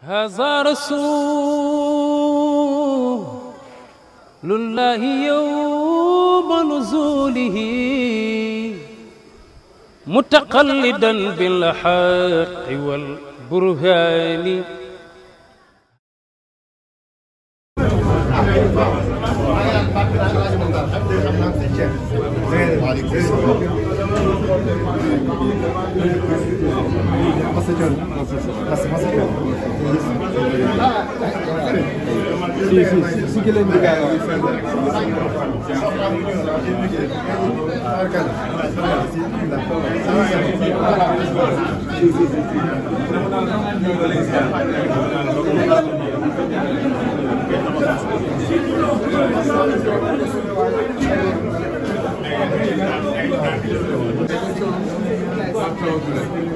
هذا رسول الله يوم نزوله متقلدا بالحق والبرهان Massageando. Massageando. Ah, que le é Thank you.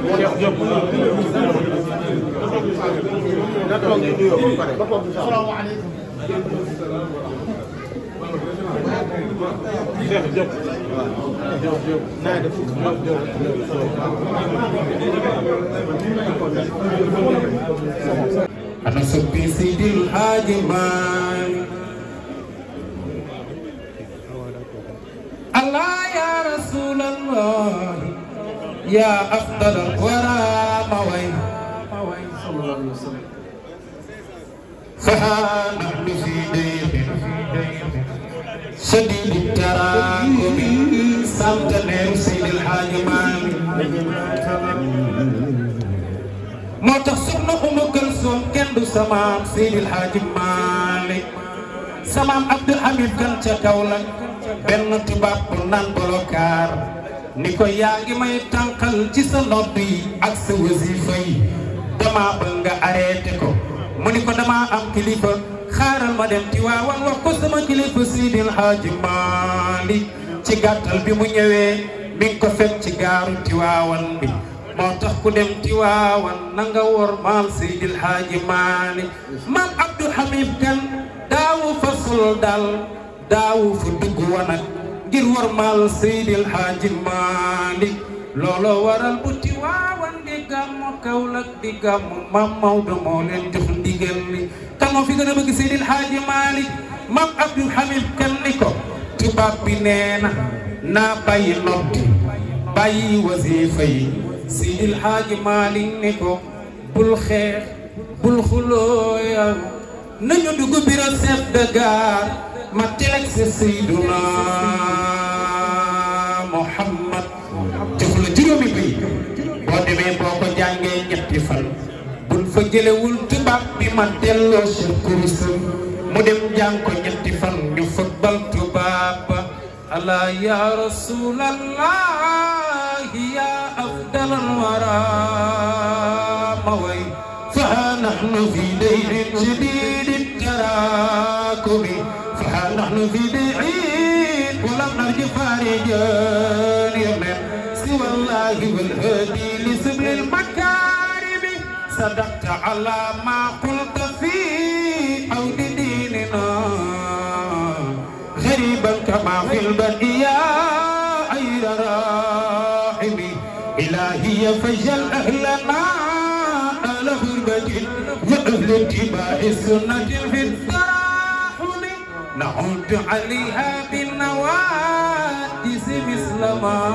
Cheikh Diop na toog ñu nuyoo ba pare ba foofu salaamaaleykum Cheikh Diop Diop Diop naa def mag Diop ana soppi Seydil Hadji Malick Ya أفضل الورى موي صلى الله عليه وسلم فها نحن في دير شديد التراكم سلطنة سيد الحاج مالك moo tax soxna Umu Kalsum kenn du Abdul Hamid gan ca kaw la benn tubaab ni ko yaa ngi may tànqal ci sa nodd yi ak sa wasifa yi dama bëgg nga ko mu ni ko dama am kilifa xaaral ma dem Tiwaawan wax ko sama kilifa Sidil Haaji Maalik ci gàttal bi mu ñëwee mi ko fekk ci gaaru Tiwaawan bi moo tax ku dem Tiwaawan na nga wor maam Sidil Haaji Maalik maam Abdou Hamid Kan daawu fa sol dal daawu fa dugg wanag ngir mal Seydil haji malik lolo waral bu Tiwaawan di gàmmu kaulak di gàmmu mam Maodo moo leen jox ndigal li kan moo fi gëna bëgg haji mam Abdul Hamid kan ni ko bab bi neena na naa bàyyi noppi bàyyi niko yi bulhuloyan haji Malick ni ko bul xex bul xulo ya nañu dugg biro chef de gare ma teg sa sayduna Muhammad jox la juróomi bay boo demee boo ko jàngee ñetti fan buñ fa jëlewul tubaab bi ma delloo sa kurusam mu dem jàng ko ñetti fan ñu fëbbal tubaab ba alaa yaa rasuulallah yaa afdalal waraa ma way fa nahnu fi dayrin jadiidit taraakobi نحن في بعيد ولم نرجو فارجا يمن سوى الله والهدي لسبل المكارم صدقت على ما قلت في او بديننا غريبا كما في البدية غير راحم إلهي فجل أهلنا على غربة يا اتباع السنة في الدين عد عليها بالنوادس مثل ما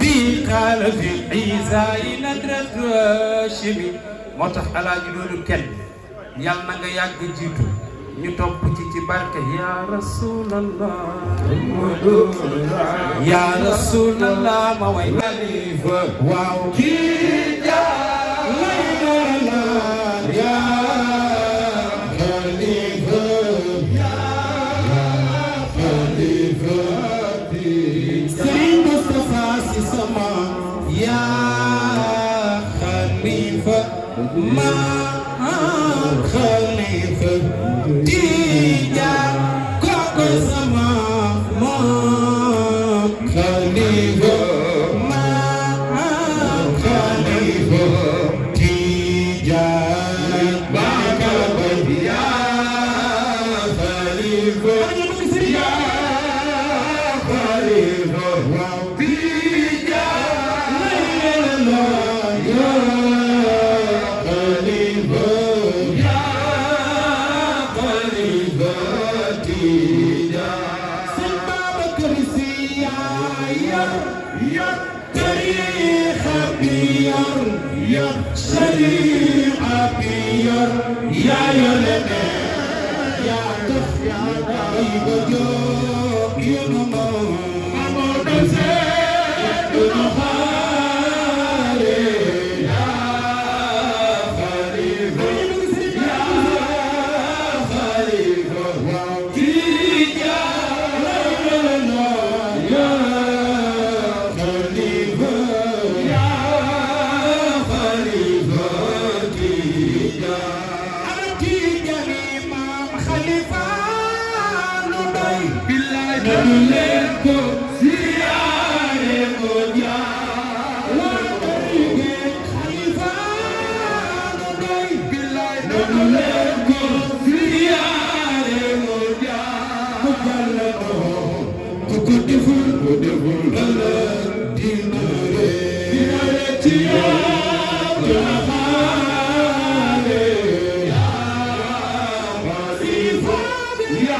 بي قال في عيسى ندرة هاشمي moo tax alaaji loolu kenn yàlla na nga yàgg jiitu ñu topp ci ci barke yaa rasulallah yaa rasulallah ma way waaw kii yaa Khalifa Yapıyor, yap seni yapıyor, ya yöneme, ya tıf, ya kaybı yok, yunumum, ama da sen,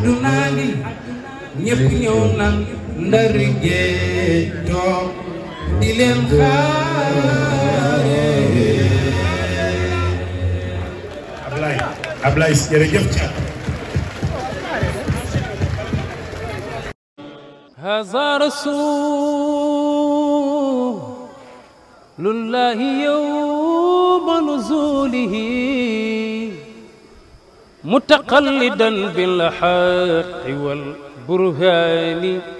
adduna ngi ñëpp ñëw nan ndar géej toog di leen xaare Ablaye Ablaye si jërëjëf ci هذا رسول الله يوم متقلدا بالحق والبرهان